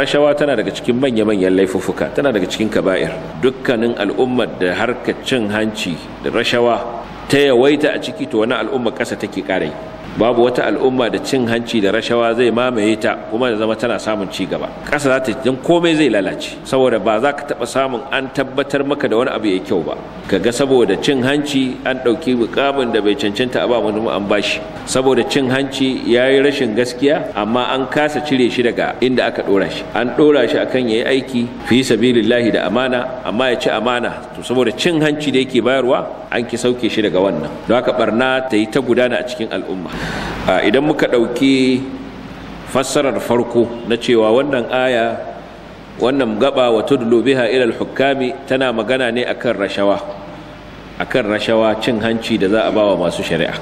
rashawa tana daga cikin manya-manyan laifuffuka tana daga cikin kaba'ir dukkanin al'ummar da harkar cin hanci da rashawa ta yawaita a ciki to wani al'ummar ƙasa take ƙarai babu wata al'umma da cin hanci da rashawa zai mamaye ta kuma da zama tana samun ci gaba ƙasa za ta don komai zai lalace saboda ba za ka taɓa samun an tabbatar maka da wani abu ya kyau ba kaga saboda cin hanci an ɗauki mukamin da bai cancanta a ba wani an bashi saboda cin hanci ya yi rashin gaskiya amma an kasa cire shi daga inda aka ɗora shi an ɗora shi akan ya yi aiki fi sabilillahi da amana amma ya ci amana to saboda cin hanci da yake bayarwa an ki sauke shi daga wannan don haka barna ta yi ta gudana a cikin al'umma idan muka ɗauki fassarar farko na cewa wannan aya wannan gaba wato tudlu biha hukami tana magana ne akan rashawa akan rashawa cin hanci da za a bawa masu shari'a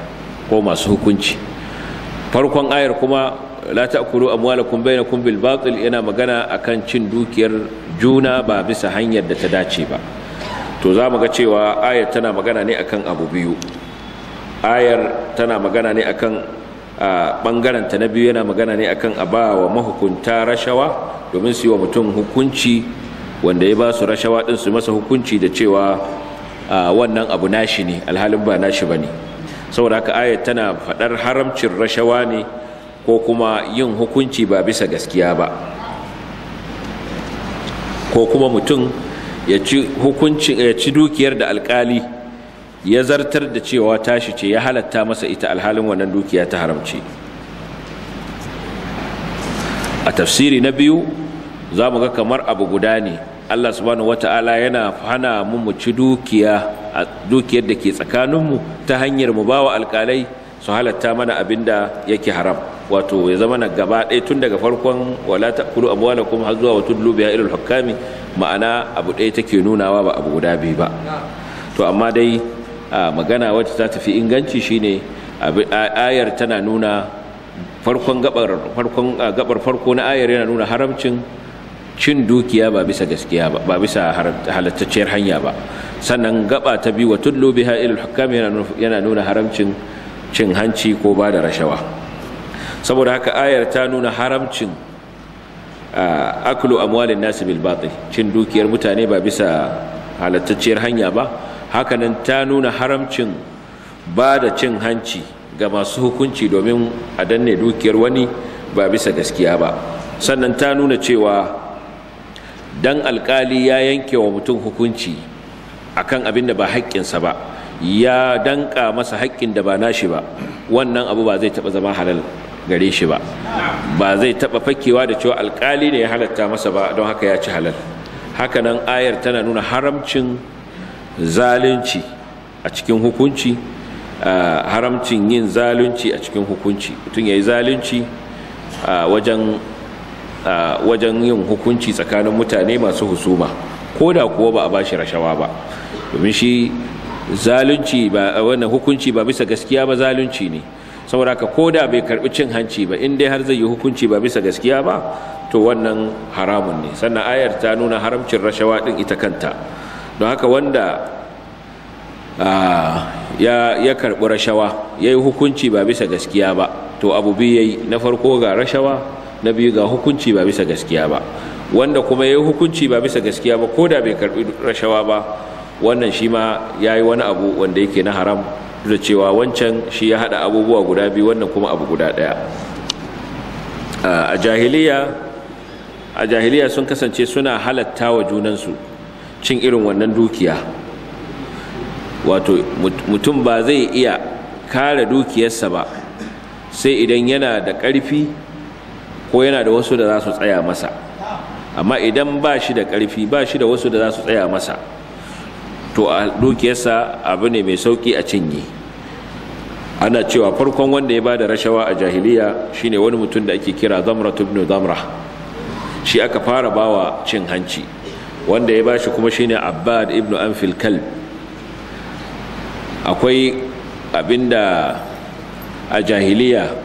ko masu hukunci farkon ayar kuma la ta'kulu amwalakum bainakum bil batil yana magana akan cin dukiyar juna ba bisa hanyar da ta dace ba to za mu ga cewa ayar tana magana ne akan abu biyu ayar tana magana ne akan bangaren ta na biyu yana magana ne akan a ba wa mahukunta rashawa domin su yi wa mutum hukunci wanda ya ba su rashawa din su masa hukunci da cewa wannan abu nashi ne alhalin ba nashi ba ne saboda haka ayat tana faɗar haramcin rashawa ne ko kuma yin hukunci ba bisa gaskiya ba ko kuma mutum ya ci hukuncin ya ci dukiyar da alkali ya zartar da cewa tashi ce ya halatta masa ita alhalin wannan dukiya ta haramci. a tafsiri na biyu za mu ga kamar abu guda ne Allah subhanahu wata'ala yana hana mu mu ci dukiya a dukiyar da ke tsakaninmu ta hanyar mu bawa alkalai su halatta mana abin da yake haram wato ya zama na gaba ɗaya tun daga farkon wala ta ta'kulu amwalakum har zuwa watudlu biha irin hukami ma'ana abu ɗaya take nunawa ba abu guda biyu ba to amma dai magana wacce ta tafi inganci shine ayar tana nuna farkon gabar farkon gabar farko na ayar yana nuna haramcin cin dukiya ba bisa gaskiya ba ba bisa halattacciyar hanya ba sannan gaba ta biyu watudlu biha irin hukami yana nuna haramcin cin hanci ko ba da rashawa saboda haka ayar ta nuna haramcin akulu amwalin nasi bil batil cin dukiyar mutane ba bisa halattacciyar hanya ba hakanan ta nuna haramcin ba da cin hanci ga masu hukunci domin a danne dukiyar wani ba bisa gaskiya ba sannan ta nuna cewa dan alkali ya yanke wa mutum hukunci akan abin da ba haƙƙinsa ba ya danƙa masa haƙƙin da ba nashi ba wannan abu ba zai taɓa zama halal gare shi ba ba zai taɓa fakewa da cewa alkali ne ya halatta masa ba don haka ya ci halal haka nan ayar tana nuna haramcin zalunci a cikin hukunci haramcin yin zalunci a cikin hukunci mutum ya yi zalunci wajen yin hukunci tsakanin mutane masu husuma ko da kuwa ba a bashi rashawa ba domin shi zalunci wannan hukunci ba bisa gaskiya ba zalunci ne saboda ko koda bai karbi cin hanci ba in dai har zai yi hukunci ba bisa gaskiya ba to wannan haramun ne sannan ayar ta nuna haramcin rashawa din ita kanta don haka wanda ya, ya karbi rashawa yayi yi hukunci ba bisa gaskiya ba to abu biyu yayi na farko ga rashawa na biyu ga hukunci ba bisa gaskiya ba wanda kuma yayi hukunci ba bisa gaskiya ba ko da bai karbi rashawa ba wannan shi ma yayi wani abu wanda yake na haram da cewa wancan shi ya hada abubuwa guda biyu wannan kuma abu guda daya a jahiliya a jahiliya sun kasance suna halatta wa junansu cin irin wannan dukiya wato mutum ba zai iya kare dukiyarsa ba sai idan yana da ƙarfi ko yana da wasu da za su tsaya masa amma idan ba shi da ƙarfi ba shi da wasu da za su tsaya masa to a dukiyarsa abu ne mai sauki a cinye ana cewa farkon wanda ya bada rashawa a jahiliya shine wani mutum da ake kira zamra ibn zamra shi aka fara bawa cin hanci wanda ya bashi kuma shine abbad ibnu anfil kalb akwai abinda a jahiliya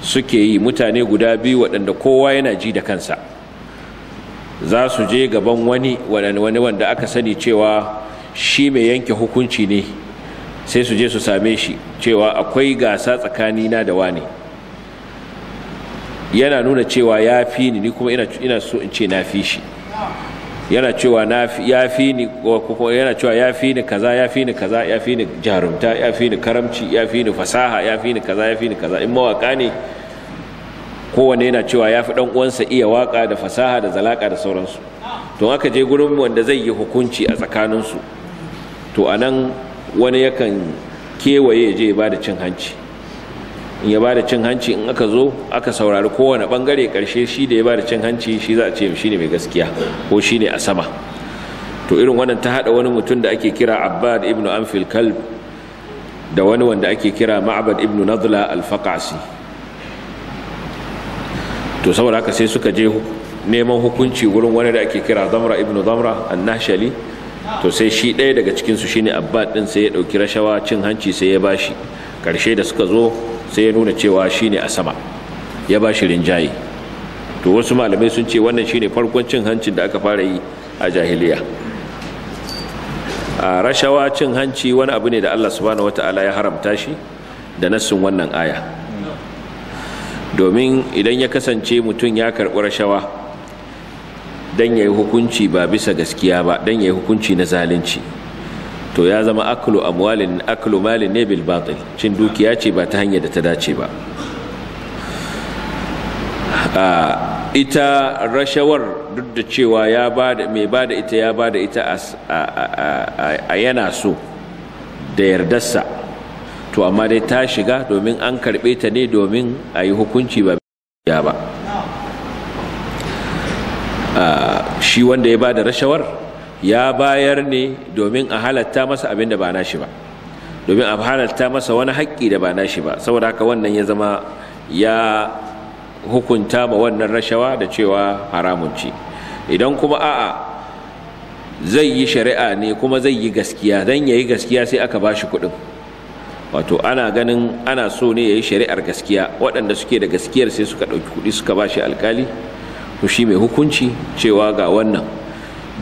suke yi mutane guda biyu waɗanda kowa yana ji da kansa za su je gaban wani wani wanda aka sani cewa shi mai yanke hukunci ne sai su je su same shi cewa akwai gasa tsakanina da wane yana nuna cewa ya fi ni ni kuma ina so in ce na fi shi yana cewa ya fi ni yana cewa ya fi ni kaza ya fi ni kaza ya fi ni jarumta ya fi ni karamci ya fi ni fasaha ya fi ni kaza ya fi ni kaza in mawaka ne Kowane yana cewa ya fi dan uwansa iya waka da fasaha da zalaka da sauransu to aka je gurin wanda zai yi hukunci a tsakaninsu to a nan wani yakan kewaye je ya bada cin hanci in ya ba cin hanci in aka zo aka saurari kowane bangare karshe shi da ya ba cin hanci shi za a ce shi ne mai gaskiya ko shi ne a sama to irin wannan ta haɗa wani mutum da ake kira abbad ibn amfil kalb da wani wanda ake kira ma'abad ibn nadla alfaqasi to saboda haka sai suka je neman hukunci wurin wani da ake kira zamra ibn zamra annashali to sai shi ɗaya daga cikinsu shine abbad ɗin sai ya ɗauki rashawa cin hanci sai ya bashi ƙarshe da suka zo sai ya nuna cewa shine a sama ya bashi rinjaye to wasu malamai sun ce wannan shine farkon cin hancin da aka fara yi a jahiliya a rashawa cin hanci wani abu ne da allah subhanahu wataala ya haramta shi da nassin wannan aya domin idan ya kasance mutum ya karɓi rashawa dan yayi hukunci ba bisa gaskiya ba dan yayi hukunci na zalunci to ya zama aklu amwalin aklu malin ne bil batil cin dukiya ce ba ta hanyar da ta dace ba ita rashawar duk da cewa ya bada mai bada ita ya bada ita a yana so da yardarsa to amma dai ta shiga domin an karɓe ta ne domin a yi hukunci ba ba shi wanda ya ba da rashawar ya bayar ne domin a halatta masa abin da ba nashi ba domin a halatta masa wani haƙƙi da ba shi ba saboda haka wannan ya zama ya hukunta ma wannan rashawa da cewa haramun ce idan kuma a'a zai yi shari'a ne kuma zai yi gaskiya dan yayi gaskiya sai aka ba shi kuɗin wato ana ganin ana so ne yayi shari'ar gaskiya waɗanda suke da gaskiyar sai suka ɗauki kuɗi suka ba shi alkali to shi mai hukunci cewa ga wannan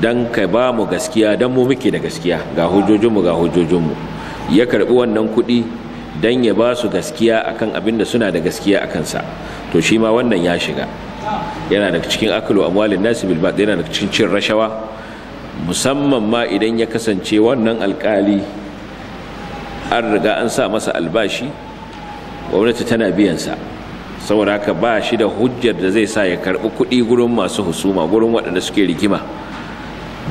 don ka ba mu gaskiya don mu muke da gaskiya ga hujjojinmu ga hujjojinmu ya karbi wannan kuɗi don ya ba su gaskiya akan abin da suna da gaskiya a kansa to shi ma wannan ya shiga yana da cikin a amwalin nasi bil yana daga cikin cin rashawa musamman ma idan ya kasance wannan alkali an riga an sa masa albashi gwamnati tana biyan sa saboda haka ba shi da hujjar da zai sa ya karbi kuɗi gurin masu husuma gurin waɗanda suke rigima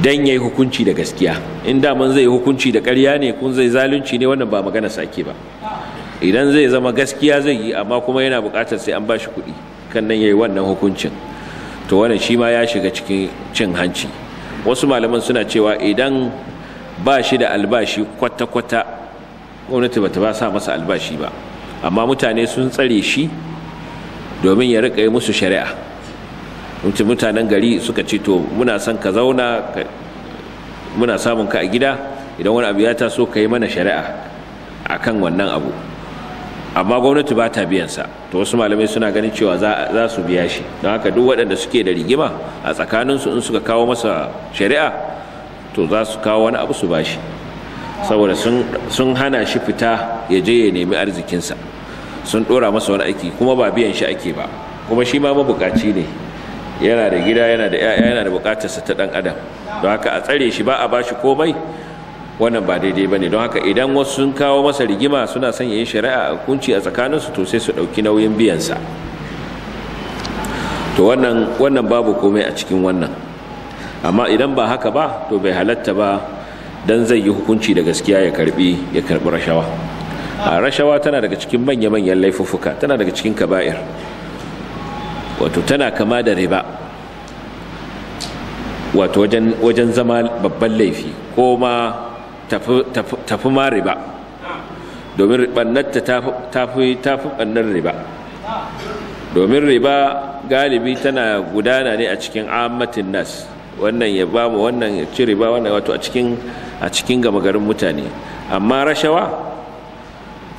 don ya yi hukunci da gaskiya in daman zai yi hukunci da karya ne kun zai zalunci ne wannan ba magana sake ba idan zai zama gaskiya zai yi amma kuma yana bukatar sai an bashi kuɗi kan nan ya yi wannan hukuncin to wannan shi ma ya shiga cikin cin hanci wasu malaman suna cewa idan ba shi da albashi kwata-kwata gwamnati bata ba sa masa albashi ba amma mutane sun tsare shi domin ya rika musu shari'a mutum mutanen gari suka ce to muna son ka zauna muna samun ka a gida idan wani abu ya taso ka yi mana shari'a a kan wannan abu amma gwamnati ba ta biyansa to wasu malamai suna ganin cewa za su biya shi don haka duk waɗanda suke da rigima a tsakaninsu in suka kawo masa shari'a to za su kawo wani abu su ba shi saboda sun hana shi fita ya je ya nemi arzikinsa sun dora masa wani aiki kuma ba biyan shi ake ba kuma shi ma mabukaci ne yana da gida yana da yaya yana da bukatarsa ta dan adam don haka a tsare shi ba a bashi komai wannan ba daidai bane don haka idan wasu sun kawo masa rigima suna son yayin shari'a a kunci a tsakaninsu to sai su dauki nauyin biyan sa to wannan wannan babu komai a cikin wannan amma idan ba haka ba to bai halatta ba dan zai yi hukunci da gaskiya ya karbi ya karbi rashawa rashawa tana daga cikin manya-manyan laifuffuka tana daga cikin kaba'ir wato tana kama da riba wato wajen zama babban laifi ko ma tafi ma riba domin ta tafi bannan riba domin riba galibi tana gudana ne a cikin ammatin nas wannan ya ba mu wannan ya ci riba wannan wato a cikin gama garin mutane amma rashawa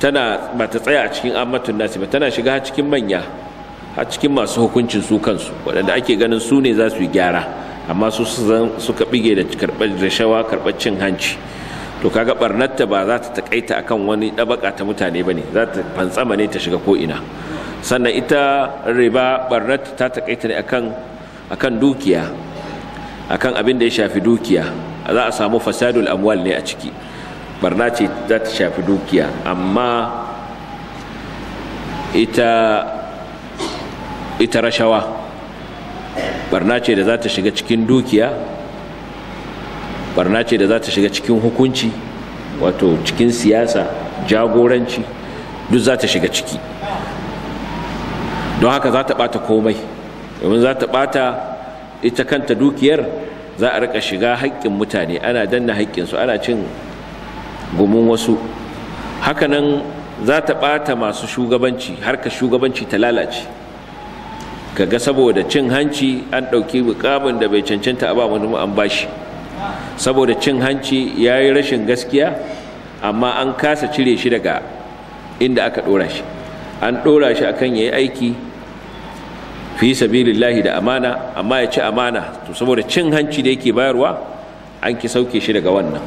tana ba ta tsaya a cikin ammatun nasi ba tana shiga cikin manya a cikin masu hukuncin su kansu waɗanda ake ganin su ne za su yi gyara amma su suka bige da karɓar rashawa karɓar cin hanci to kaga barnatta ba za ta takaita akan wani ɗabaka ta mutane ba ne za ta fantsama ne ta shiga ko'ina sannan ita riba barnatta ta takaita ne akan dukiya akan abin da ya shafi dukiya za a samu fasadul amwal ne a ciki barna ce za ta shafi dukiya amma ita ita rashawa barna ce da za ta shiga cikin dukiya barna ce da za ta shiga cikin hukunci wato cikin siyasa jagoranci duk za ta shiga ciki don haka za ta bata komai domin za ta bata ita kanta dukiyar za a rika shiga haƙƙin mutane ana danna haƙƙinsu ana cin gumin wasu hakanan za ta ɓata masu shugabanci harka shugabanci ta lalace kaga saboda cin hanci an ɗauki mukamin da bai cancanta a ba wani an bashi saboda cin hanci ya yi rashin gaskiya amma an kasa cire shi daga inda aka ɗora shi an ɗora shi akan ya yi aiki fi sabilillahi da amana amma ya ci amana to saboda cin hanci da yake bayarwa an ki sauke shi daga wannan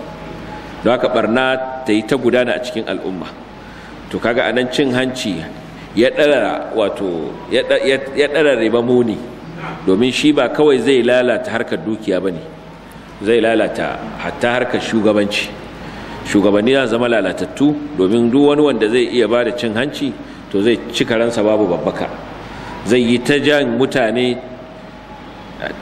don haka barna ta yi ta gudana a cikin al'umma to kaga anan cin hanci ya ɗarara wato ya ɗarara ba muni domin shi ba kawai zai lalata harkar dukiya ba ne zai lalata hatta harkar shugabanci shugabanni za zama lalatattu domin duk wani wanda zai iya ba da cin hanci to zai cika ransa babu babbaka zai yi ta jan mutane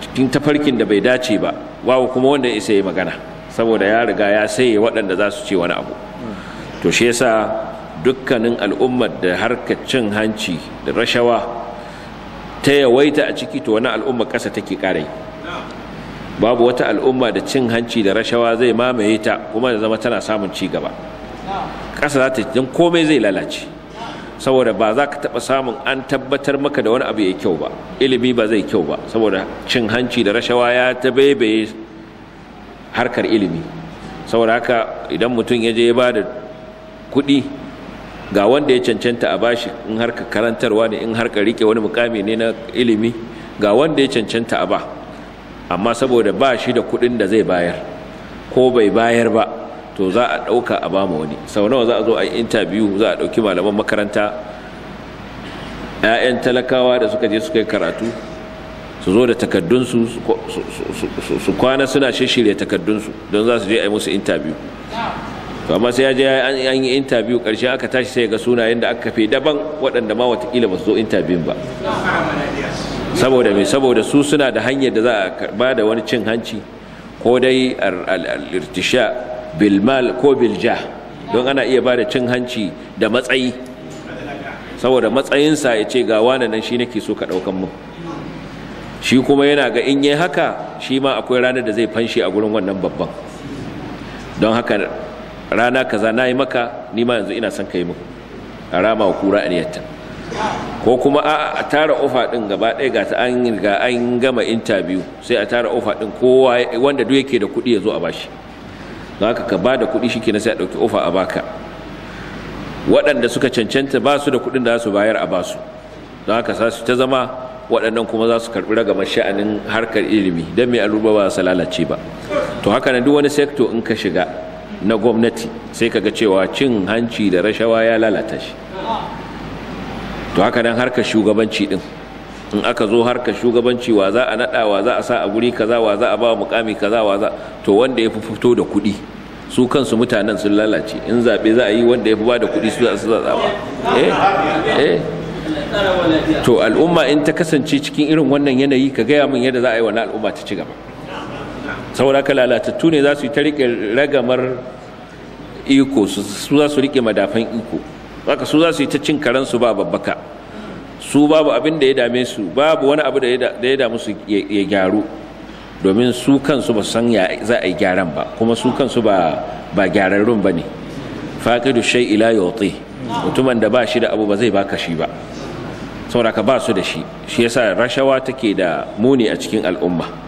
cikin tafarkin da bai dace ba babu kuma wanda isa ya yi magana saboda ya riga ya saye waɗanda za su ce wani abu to shi yasa dukkanin al'ummar da harkar cin hanci da rashawa ta yawaita a ciki to wani al'ummar ƙasa take ƙarai babu wata al'umma da cin hanci da rashawa zai mamaye ta kuma da zama tana samun ci gaba ƙasa za ta don komai zai lalace saboda ba za ka taɓa samun an tabbatar maka da wani abu ya kyau ba ilimi ba zai kyau ba saboda cin hanci da rashawa ya ta harkar ilimi saboda haka idan mutum ya je ya ba da kuɗi ga wanda ya cancanta a bashi in harka karantarwa ne in harka rike wani mukami ne na ilimi ga wanda ya cancanta a ba amma saboda ba shi da kuɗin da zai bayar ko bai bayar ba to za a ɗauka a ba wani sau nawa za a zo a yi intabiyu za a ɗauki malaman makaranta 'ya'yan talakawa da suka je suka yi karatu su zo da takaddunsu su kwana suna shirya takaddunsu don za su je a yi musu intabiyu to amma sai ya je an yi intabiyu karshe aka tashi sai ga sunayen da aka kafe daban waɗanda ma watakila ba su zo interview ba saboda me saboda su suna da hanyar da za a karba da wani cin hanci ko dai al bilmal ko bilja don ana iya ba da cin hanci da matsayi saboda matsayinsa ya ce ga wane nan shi nake so ka ɗaukan mu. shi kuma yana ga in yi haka shi ma akwai ranar da zai fanshi a gurin wannan babban don haka rana kaza na yi maka ni ma yanzu ina son ka yi min a rama wa kura aniyarta ko kuma a tara ofa din gaba ɗaya ga ta an gama intabiyu sai a tara ofa din kowa wanda duk yake da kuɗi ya zo a bashi don haka ka ba da kuɗi shi kenan sai a ɗauki ofa a baka waɗanda suka cancanta ba su da kuɗin da za su bayar a basu don haka sa su ta zama waɗannan kuma za su karɓi ragamar sha'anin harkar ilimi don mai al'umma ba su lalace ba to haka na duk wani sekto in ka shiga na gwamnati sai ka ga cewa cin hanci da rashawa ya lalata shi to haka nan harkar shugabanci din in aka zo harkar shugabanci wa za a naɗa wa za a sa a guri kaza wa za a ba mukami kaza wa za to wanda ya fi fito da kuɗi su kansu mutanen sun lalace in zaɓe za a yi wanda ya fi ba da kuɗi su za su zaɓa eh eh to al'umma in ta kasance cikin irin wannan yanayi ka gaya min yadda za a yi wani al'umma ta ci gaba saboda ka lalatattu ne za su yi ta riƙe ragamar iko su za su riƙe madafan iko haka su za su yi ta cin karansu ba babbaka su babu abin da ya dame su babu wani abu da ya damu su ya gyaru domin su kansu ba san ya za a yi gyaran ba kuma su kansu ba ba gyararrun ba ne faƙidu shai ila yauti mutumin da ba shi da abu ba zai baka shi ba ka ba su da shi shi yasa rashawa take da muni a cikin al'umma